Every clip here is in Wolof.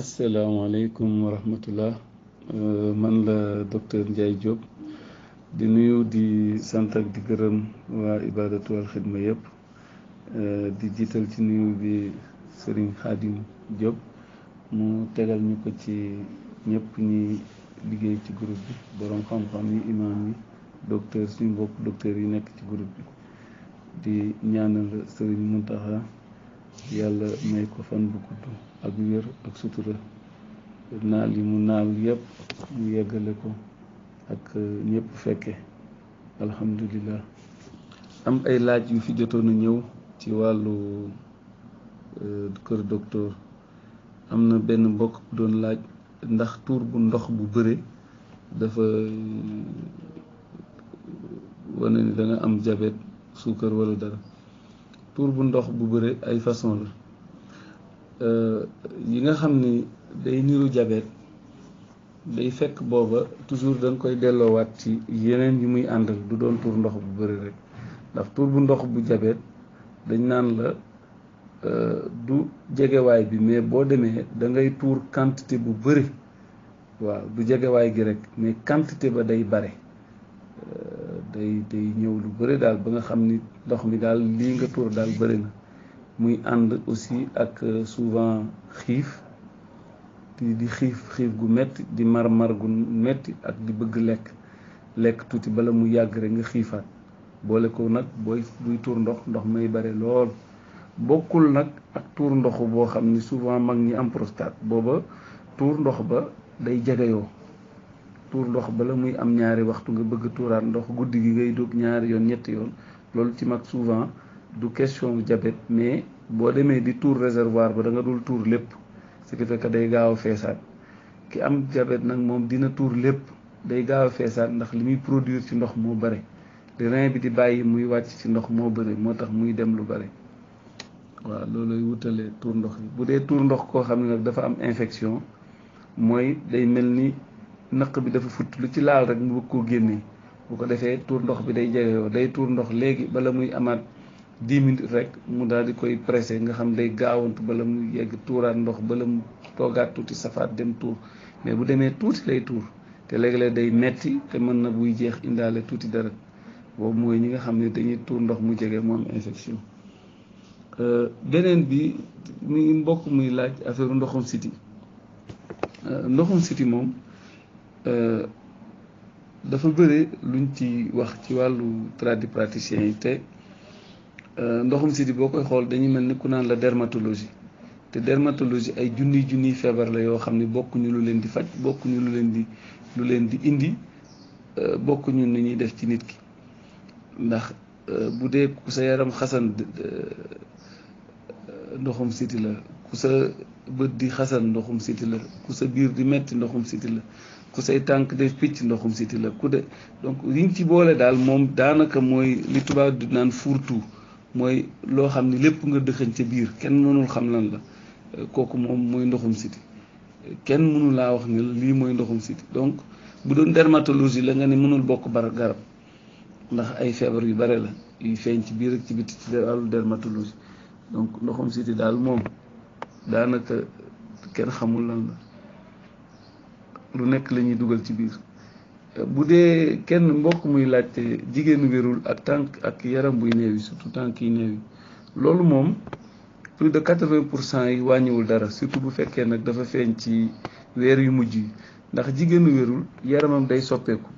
asalaamaaleykum wa rahmatullah euh, man la docteur Ndiaye Diop di nuyu di sant ak di gërëm waa Ibadatu wal Xidma yëpp euh, di jiital ci nuyu bi Serigne Khadim Diop mu tegal ñu ko ci ñëpp ñuy liggéey ci groupe bi borom xam-xam yi imaam yi docteur suñu mbokk docteur yi nekk ci groupe bi di ñaanal Serigne Mountakha. yàlla may ko fan bu gudd ak wér ak sutura naal yi mu naal yëpp mu yeggale ko ak euh, ñépp fekke alhamdulillah am ay laaj yu fi jotoon ñëw ci wàllu euh, kër docteur am na benn mbokk bu doon laaj ndax tuur bu ndox bu bëre dafa euh, wane ni da am jabet suukar wala dara tuur bu ndox bu bëri ay façon la euh, yi nga xam ni day niru jabet day fekk booba toujours dañ koy delloowaat ci yeneen yi muy àndal du doon tuur ndox bu bëri rek ndax tuur bu ndox bu jabet dañ naan la euh, du jegewaay bi mais boo demee da ngay tuur quantité bu bëri waaw bu jegewaay gi rek mais quantité ba day bare euh, day day ñëw lu bëri daal ba nga xam ni ndox mi daal lii nga tuur daal bëri na muy ànd aussi ak euh, souvent xiif di xiif xiif gu metti di mar-mar gu metti ak di bëgg lekk lekk tuuti bala mu yàgg nga xiifaat boole ko nag booy buy tuur ndox ndox may bare lool bokkul nag ak tuur ndoxu boo xam ni souvent mag ñi am prostate booba tuur ndox ba day yoo tuur ndox bala muy am ñaari waxtu nga bëgg tuuraat ndox guddi gi ngay dugg ñaari yoon ñetti yoon loolu ci mag souvent du question jabet mais boo demee di tour réservoir ba da nga dul tuur lépp ci qui fait day gaaw a feesaat ki am jabet nag moom dina tour lépp day gaaw a feesaat ndax li muy produire ci ndox moo bare li rein bi di bàyyi muy wàcc ci ndox moo bëri moo tax muy dem lu bare waaw loolooy wutale tuur ndox yi bu dee tuur ndox koo xam ne nag naq bi dafa futt lu ci laal rek mu bëgg koo génnee bu ko defee tour ndox bi day jaweyoo day tour ndox léegi bala muy amaat dix minutes rek mu daal di koy pressé nga xam day gaawantu bala mu yegg tuuraat ndox bala mu toogaat tuuti safaat dem tuur mais bu demee tuuti lay tuur te léeg-léeg day metti te mën na buy jeex indaale tuuti dara boobu mooy ñi nga xam ne dañuy tuur ndox mu jege mu am infection euh, beneen bi mi mbokk muy laaj affaire ndoxum siti euh, ndoxu siti moom Euh, dafa bëri luñ ci wax ci wàllu tradipraticien yi te euh, ndoxum siti boo koy xool dañuy mel ni ku naan la dermatologie te dermatologie ay junni junni feebar la yoo xam ne bokkuñu lu leen di faj bokkuñu lu leen di lu leen di indi euh, bokkuñu ni ñuy def ci nit ki ndax bu dee ku sa yaram xasan ndoxum siti la ku sa bët di xasan ndoxum siti la ku sa biir di metti ndoxum siti la ku say tànk def picc ndoxum siti la ku de donc liñ ci boole daal moom daanaka mooy li tubaab di naan fourre mooy loo xam ne lépp nga dëxañ ca biir kenn mënul xam lan la euh, kooku moom mooy ndoxum siti kenn mënu laa wax ne lii mooy ndoxum siti donc bu doon dermatologie la nga ne mënul bokk bara garab ndax ay feebar yu bare la yu feeñ ci biir ak ci biti ci wàllu dermatologie donc ndoxum siti daal moom daanaka kenn xamul lan la lu nekk la ñuy dugal ci biir bu dee kenn mbokk muy laajte jigéenu wérul ak tànk ak yaram buy néew yi surtout tànk yi néew yi loolu moom plus de quatre-vingts pour cent yi wàññiwul dara surtout bu fekkee nag dafa feeñ ci weer yu mujj yi ndax jigéenu wérul yaramam day soppeeku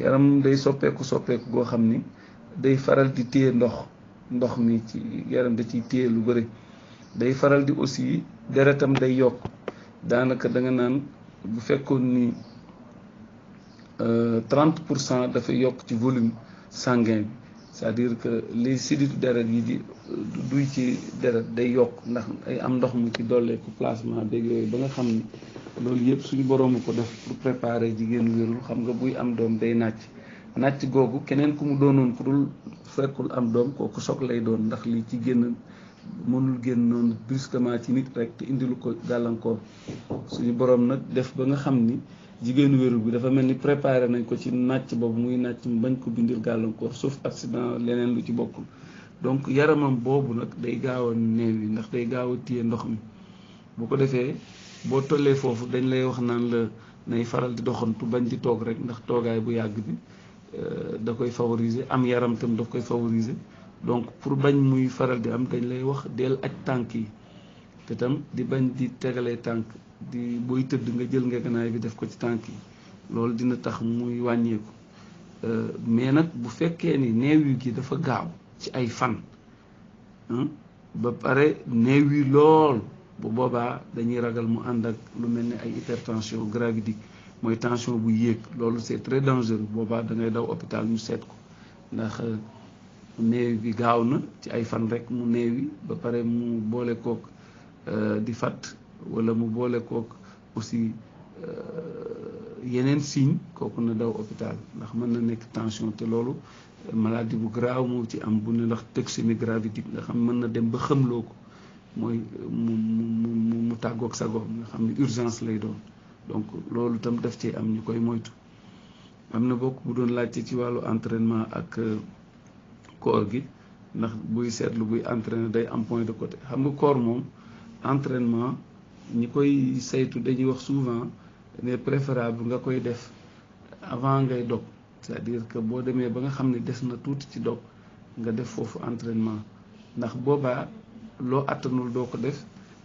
yaram day soppeeku soppeeku goo xam ni day faral di téye ndox ndox mi ci yaram da ciy téye lu bëri day faral di aussi deretam day yokk daanaka da naan bu fekkoon ni euh, trente pour cent dafay yokk ci volume sanguin bi cest à que liy sidditu deret yi di duy ci deret day yokk ndax ay am ndox mu ci dolleeku placement beeg yooyu ba nga xam ni loolu yëpp suñu boroomu ko def pour préparer jigéen wérul xam nga buy am doom day nàcc nàcc googu keneen ku mu doonoon ku dul fekkul am doom kooku choc lay doon ndax li ci génn mënul génn noonu brusquement ci nit rek te indilu ko gàllankoor suñu borom nag def ba nga xam ni jigéenu wérul bi dafa mel ni préparé nañ ko ci nàcc boobu muy nàcc mu bañ ko bindil gàllankoor sauf accident leneen lu ci bokkul donc yaramam boobu nag day gaaw a yi ndax day gaaw a téye ndox mi bu ko defee boo tollee foofu dañ lay wax naan la nay faral di doxantu bañ di toog rek ndax toogaay bu yàgg bi euh, da koy favoriser am yaram tam daf koy favoriser donc pour bañ muy faral di am dañ lay wax dell ak tànk yi te di bañ di tegalee tànk di booy tëdd nga jël ngegenaay bi def ko ci tànk yi loolu dina tax muy wàññeeku euh, mais nag bu fekkee ni neew yi gi dafa gaaw ci ay fan ba pare neew yi lool bu boobaa dañuy ragal mu ànd ak lu mel ni ay hypertension gravidique mooy tension bu yéeg loolu c'est très dangereux boobaa dangay daw hôpital ñu seet ko ndax euh, néew bi gaaw na ci ay fan rek mu néewi ba pare mu boole kook euh, di fat wala mu boole kook aussi euh, yeneen signe kooku na daw hôpital ndax mën na nekk tension te loolu maladie bu graaw moo ci am bu ne ndax toxémie gravitique nga xam mën na dem ba xëmloo ko mooy mu mu mu mu tàggoog sagoom nga xam ne urgence lay doon donc loolu tam def ci am ñu koy moytu am na bokk bu doon laajte ci wàllu entrainement ak euh, koor gi ndax buy seetlu buy entraîner day am point de côté xam nga koor moom entraînement ñi koy saytu dañuy wax souvent ne préférable nga koy def avant ngay dog c'est-à-dire que boo demee ba nga xam ne des na tuuti ci dog nga def foofu entrainement ndax boobaa loo attanul doo ko def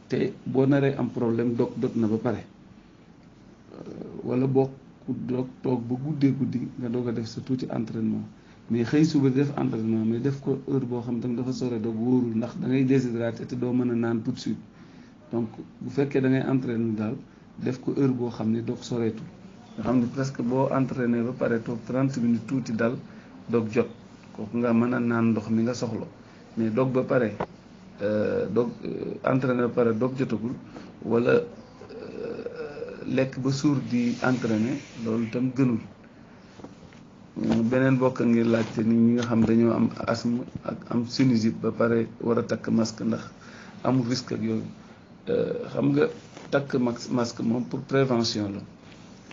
te boo naree am problème dog dog na ba pare euh, wala boo ku dog toog ba guddee guddi nga doog ko def sa tuuti entraînement mais xëy suba def entraînement mais def ko heure boo xam tam dafa sore doog wóorul ndax da ngay déshydraté te doo mën a naan tout suite donc bu fekkee da ngay entraîné daal def ko heure boo xam ne doog soreetul nga xam ne presque boo entraîné ba pare toog 30 minutes tuuti dal doog jot kooku nga mën a naan ndox mi nga soxla mais doog ba pare euh, doog euh, entraîné ba pare doog jotagul wala euh, lekk ba suur di entraîné loolu tam gënul beneen bokk ngir laajte ni ñi nga xam dañoo am asthme ak am sinusite ba pare war a takk masque ndax amul risque ak yooyu euh, xam nga takk masque moom pour prévention la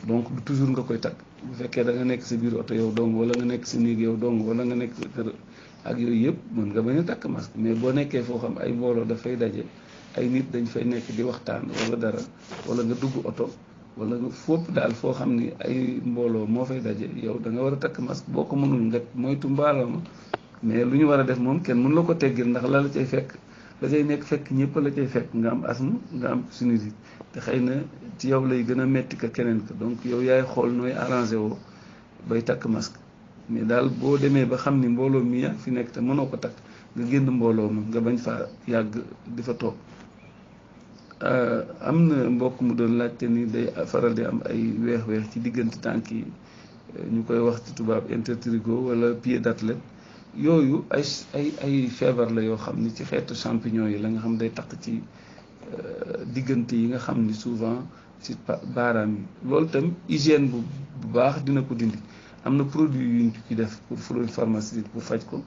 donc du toujours nga koy takk bu fekkee da nga nekk si biir oto yow dong wala nga nekk si néeg yow dong wala nga nekk sa kër ak yooyu yëpp mën nga bañ a takk masque mais boo nekkee foo xam ay mbooloo dafay daje ay nit dañ fay nekk di waxtaan wala dara wala nga dugg oto wala fópp daal foo xam ni ay mbooloo moo fay daje yow da nga war a takk masque boo ko mënul nga moytu mbaaloo mais lu ñu war a def moom kenn mën la ko teggil ndax la la cay fekk la cay nekk fekk ñëpp la cay fekk nga am asthme nga am sinusite te xëy na ci yow lay gën a metti ka keneen ka donc yow yaay xool nooy arrangé woo bay takk masque mais daal boo demee ba xam ni mbooloo mi yaa fi nekk te mënoo ko takk nga génn mbooloo ma nga bañ faa yàgg di fa toog Euh, am na mbokk mu doon laajte ni day faral di am ay weex-weex ci diggante tànk yi euh, ñu koy wax ci tubaab intertrigo wala pied d'athlète yooyu ay ay feebar la yoo xam ni ci xeetu champignon yi la nga xam day taq ci euh, diggante yi nga xam ni souvent ci baaraam yi loolu itam hygiène bu bu baax dina ko dindi am na produit yuñ ci def pour fu pharmacie pour faj ko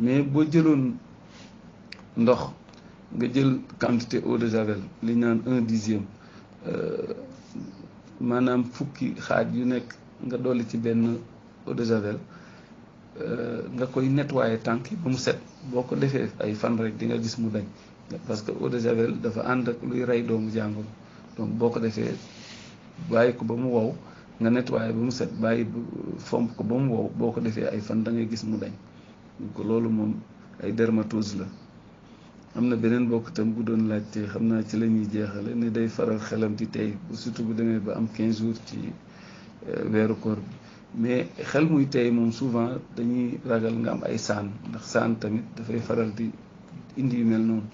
mais boo jëloon ndox. nga jël quantité eau de javel li ñu naan un dixième euh, maanaam fukki xaaj yu nekk nga dolli ci benn eau de javel euh, nga koy nettoyer tànk yi ba mu set boo ko defee ay fan rek di nga gis mu dañ parce que eau de javel dafa ànd ak luy rey doomu jàngoro donc boo ko defee bàyyi ko ba mu wow nga nettoyer ba mu set bàyyi fomp ko ba mu wow boo ko defee ay fan da ngay gis mu dañ loolu moom ay dermatose la am na beneen bokk tam bu doon laajte xam naa ci la ñuy jeexale ne day faral xelam di tey surtout bu demee ba am 15 jours ci euh, weeru koor bi mais xel muy tey moom souvent dañuy ragal nga am ay saan ndax saan tamit dafay faral di indi yu mel noonu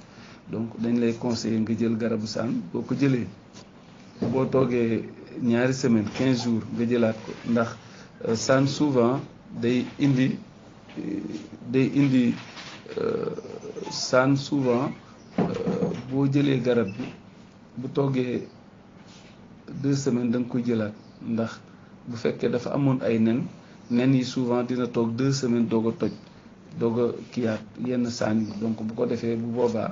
donc dañ lay conseiller nga jël garabu saan boo ko jëlee boo toogee ñaari semaine 15 jours nga jëlaat ko ndax euh, saan souvent day indi euh, day indi saan euh, souvent euh, boo jëlee garab bi bu toggee deux semaines danga nga koy jëlaat ndax bu fekkee dafa amoon ay nen nen yi souvent dina toog deux semaines doog a toj doog a kiyaat yenn saan yi donc bu ko defee bu boobaa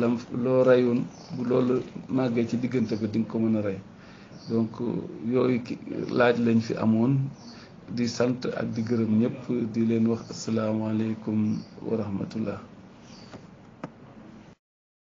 lam loo rayoon bu loolu màggee ci diggante bi di nga ko mën a rey donc euh, yooyu laaj lañ fi amoon di sant ak di gërëm ñëpp di leen wax asalaamaaleykum wa rahmatullah